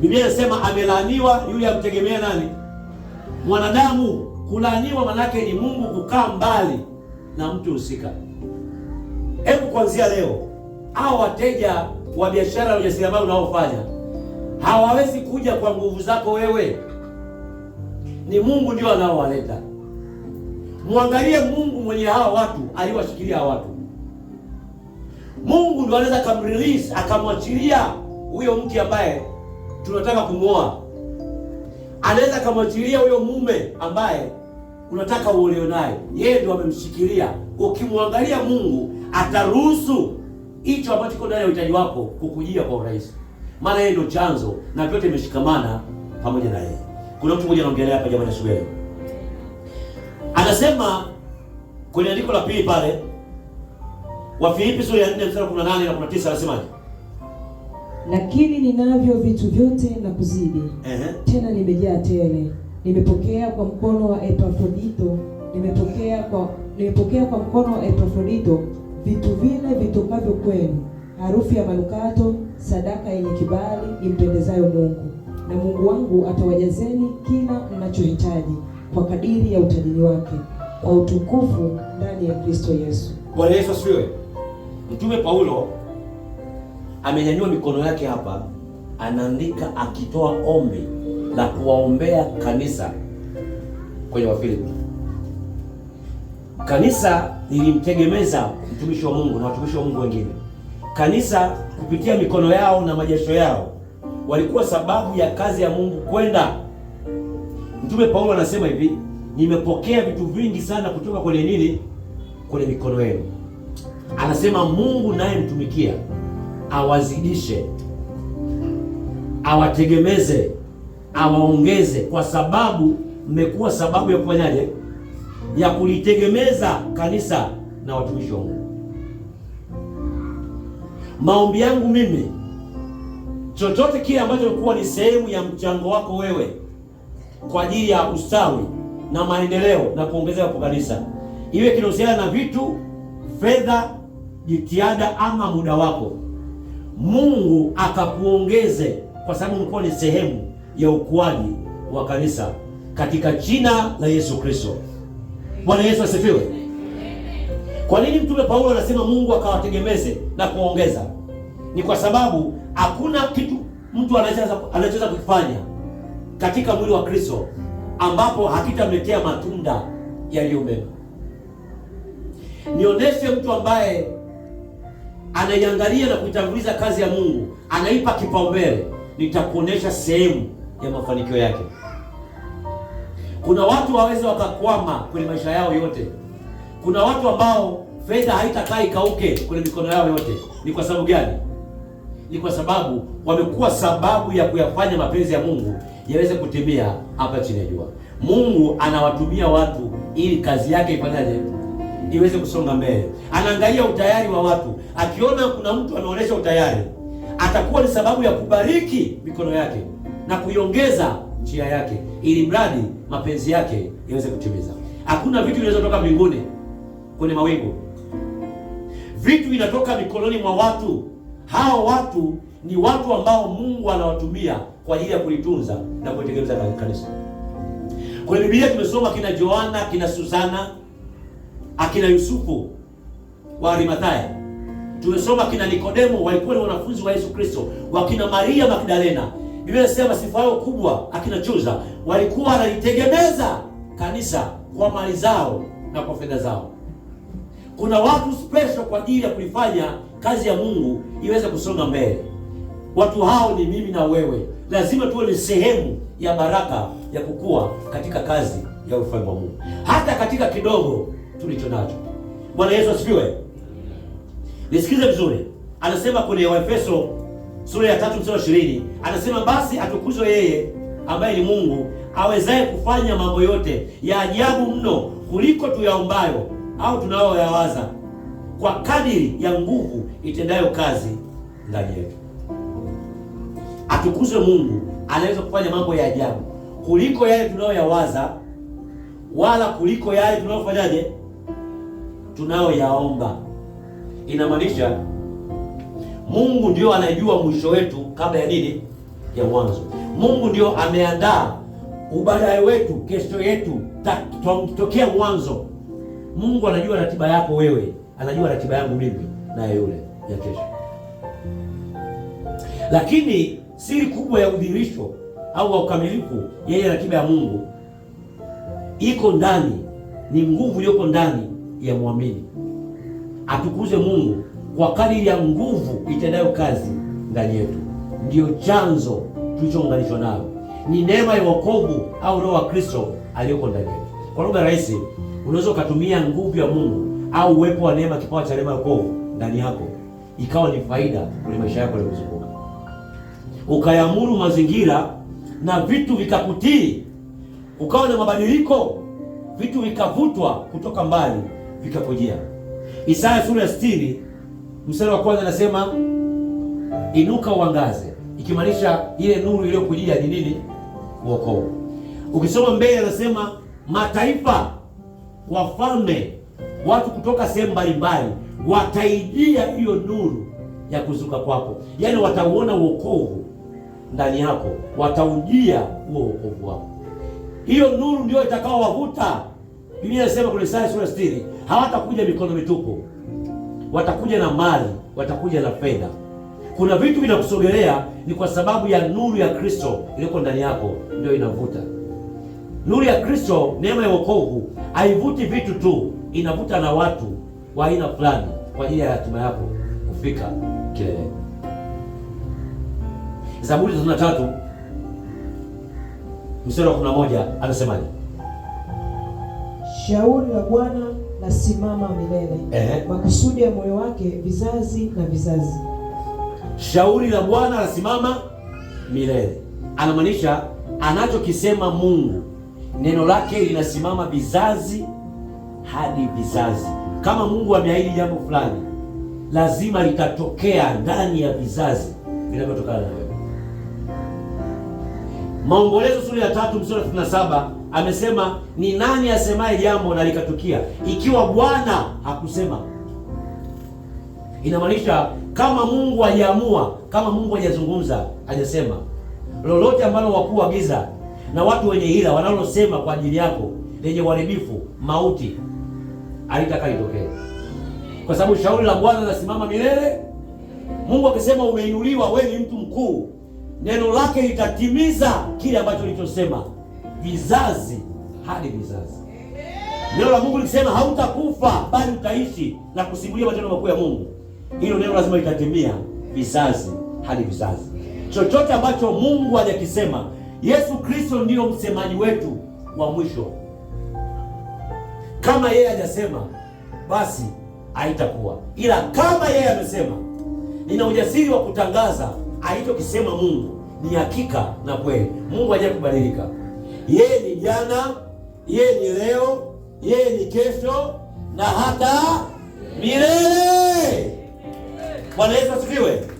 Biblia inasema amelaaniwa yule amtegemea nani? Mwanadamu. Kulaaniwa manake ni Mungu kukaa mbali na mtu husika. Hebu kuanzia leo, hao wateja wa biashara na ujasiriamali unaofanya hawawezi kuja kwa nguvu zako wewe, ni Mungu ndio anaowaleta. Mwangalie Mungu mwenye hawa watu aliwashikilia hawa watu. Mungu ndio anaweza akamrelease akamwachilia huyo mke ambaye tunataka kumwoa, anaweza akamwachilia huyo mume ambaye unataka uolewe naye, yeye ndio amemshikilia. Ukimwangalia Mungu ataruhusu hicho ambacho kiko ndani ya uhitaji wako kukujia kwa urahisi, maana yeye ndio chanzo na vyote imeshikamana pamoja na yeye. Kuna mtu mmoja anaongelea hapa, jamani, asubuhi anasema kwenye andiko la pili pale Wafilipi sura ya 4 mstari wa 18 na 19, anasemaje? lakini ninavyo vitu vyote na kuzidi. Uh-huh. Tena nimejaa tele, nimepokea kwa mkono wa Epafrodito, nimepokea kwa nimepokea kwa mkono wa Epafrodito vitu vile vitokavyo kwenu, harufu ya manukato, sadaka yenye kibali impendezayo Mungu. Na Mungu wangu atawajazeni kila mnachohitaji kwa kadiri ya utajiri wake kwa utukufu ndani ya Kristo Yesu. Bwana Yesu asifiwe. Mtume Paulo amenyanyua mikono yake hapa, anaandika akitoa ombi la kuwaombea kanisa kwenye Wafilipi. Kanisa lilimtegemeza mtumishi wa Mungu na watumishi wa Mungu wengine. Kanisa kupitia mikono yao na majasho yao walikuwa sababu ya kazi ya Mungu kwenda. Mtume Paulo anasema hivi, nimepokea vitu vingi sana kutoka kwenye nini? Kwenye mikono yenu. Anasema Mungu naye mtumikia awazidishe, awategemeze, awaongeze, kwa sababu mmekuwa sababu ya kufanyaje, ya kulitegemeza kanisa na watumishi wa Mungu. Maombi yangu mimi, chochote kile ambacho kuwa ni sehemu ya mchango wako wewe kwa ajili ya ustawi na maendeleo na kuongezeka kwa kanisa, iwe kinahusiana na vitu, fedha, jitihada ama muda wako Mungu akakuongeze, kwa sababu ulikuwa ni sehemu ya ukuaji wa kanisa katika jina la Yesu Kristo. Bwana Yesu asifiwe. Kwa nini mtume Paulo anasema Mungu akawategemeze na kuongeza? Ni kwa sababu hakuna kitu mtu anachoweza kukifanya katika mwili wa Kristo ambapo hakitamletea matunda yaliyo mema. Nionyeshe mtu ambaye anaiangalia na kuitanguliza kazi ya Mungu, anaipa kipaumbele, nitakuonesha sehemu ya mafanikio yake. Kuna watu waweze wakakwama kwenye maisha yao yote. Kuna watu ambao fedha haitakaa ikauke kwenye mikono yao yote. Ni kwa sababu gani? Ni kwa sababu wamekuwa sababu ya kuyafanya mapenzi ya Mungu yaweze kutimia hapa chini ya jua. Mungu anawatumia watu ili kazi yake ifanyaje? iweze kusonga mbele. Anaangalia utayari wa watu, akiona kuna mtu ameonyesha utayari, atakuwa ni sababu ya kubariki mikono yake na kuiongeza njia yake, ili mradi mapenzi yake yaweze kutimiza. Hakuna vitu vinaweza kutoka mbinguni kwenye mawingu, vitu vinatoka mikononi mwa watu. Hao watu ni watu ambao Mungu anawatumia kwa ajili ya kulitunza na kulitegemeza kanisa. Kwenye Biblia tumesoma kina Joana, kina Susana akina Yusufu wa Arimathaya, tumesoma akina Nikodemo walikuwa ni wanafunzi wa Yesu Kristo, wakina Maria Magdalena. Biblia inasema sifa yao kubwa, akina Chuza walikuwa wanalitegemeza kanisa kwa mali zao na kwa fedha zao. Kuna watu special kwa ajili ya kulifanya kazi ya Mungu iweze kusonga mbele. Watu hao ni mimi na wewe, lazima tuwe ni sehemu ya baraka ya kukua katika kazi ya ufalme wa Mungu, hata katika kidogo tulicho nacho. Bwana Yesu asifiwe. Nisikize vizuri, anasema kwenye Waefeso sura ya tatu mstari ishirini anasema basi atukuzwe yeye ambaye ni Mungu awezaye kufanya mambo yote ya ajabu mno kuliko tuyaombayo au tunayoyawaza kwa kadiri ya nguvu itendayo kazi ndani yetu. Atukuzwe Mungu, anaweza kufanya mambo ya ajabu kuliko yale tunayoyawaza, wala kuliko yale tunayofanyaje tunayoyaomba. Inamaanisha Mungu ndio anajua mwisho wetu kabla ya nini, ya mwanzo. Mungu ndio ameandaa ubaadaye wetu, kesho yetu, tokea mwanzo. Mungu anajua ratiba yako wewe, anajua ratiba yangu mimi na yule ya kesho. Lakini siri kubwa ya udhihirisho au wa ukamilifu, yeye ratiba ya Mungu iko ndani, ni nguvu iliyoko ndani ya mwamini. Atukuze Mungu kwa kadiri ya nguvu itendayo kazi ndani yetu. Ndiyo chanzo tulichounganishwa nayo ni neema ya wokovu au roho wa Kristo aliyoko ndani yetu. Kwa lugha rahisi, unaweza ukatumia nguvu ya Mungu au uwepo wa neema, kipawa cha neema ya wokovu ndani yako ikawa ni faida kwenye maisha yako yanayozunguka, ukayamuru mazingira na vitu vikakutii, ukawa na mabadiliko, vitu vikavutwa kutoka mbali vikapojea. Isaya sura ya 60 mstari wa kwanza anasema inuka uangaze, ikimaanisha ile nuru iliyokujia ni nini? Wokovu. Ukisoma mbele anasema mataifa, wafalme, watu kutoka sehemu mbalimbali wataijia hiyo nuru ya kuzuka kwako, yaani watauona wokovu ndani yako, wataujia huo wokovu wako. Hiyo nuru ndio itakaowavuta Biblia inasema kwenye Isaya sura 60, hawatakuja mikono mitupu, watakuja na mali, watakuja na fedha. Kuna vitu vinakusogelea ni kwa sababu ya nuru ya Kristo iliyoko ndani yako, ndio inavuta nuru ya Kristo. Neema ya wokovu haivuti vitu tu, inavuta na watu wa aina fulani kwa ajili ya hatima yako kufika kileleni. Zaburi 33 mstari wa 11 anasemaje? Shauri la Bwana lasimama milele eh, makusudi ya moyo wake vizazi na vizazi. Shauri la Bwana lasimama milele, anamaanisha anachokisema Mungu, neno lake linasimama vizazi hadi vizazi. Kama Mungu ameahidi jambo fulani, lazima likatokea ndani ya vizazi vinavyotokana na wewe. Maombolezo sura ya 3 mstari wa 37 amesema ni nani asemaye jambo na likatukia ikiwa Bwana hakusema? Inamaanisha kama Mungu hajaamua, kama Mungu hajazungumza, hajasema lolote ambalo wakuu wa giza na watu wenye hila wanalosema kwa ajili yako lenye uharibifu, mauti, alitaka litokee, kwa sababu shauri la Bwana linasimama milele. Mungu akisema umeinuliwa, wewe ni mtu mkuu, neno lake litatimiza kile ambacho lilichosema vizazi hadi vizazi. Neno la Mungu likisema hautakufa bali utaishi na kusimulia matendo makuu ya Mungu, hilo neno lazima litatimia vizazi hadi vizazi. Chochote ambacho Mungu hajakisema, Yesu Kristo ndiyo msemaji wetu wa mwisho. Kama yeye hajasema, basi haitakuwa, ila kama yeye amesema, nina ujasiri wa kutangaza alichokisema Mungu ni hakika na kweli. Mungu hajakubadilika. yeye ni jana, yeye ni leo, yeye ni kesho na hata milele. Bwana Yesu asifiwe.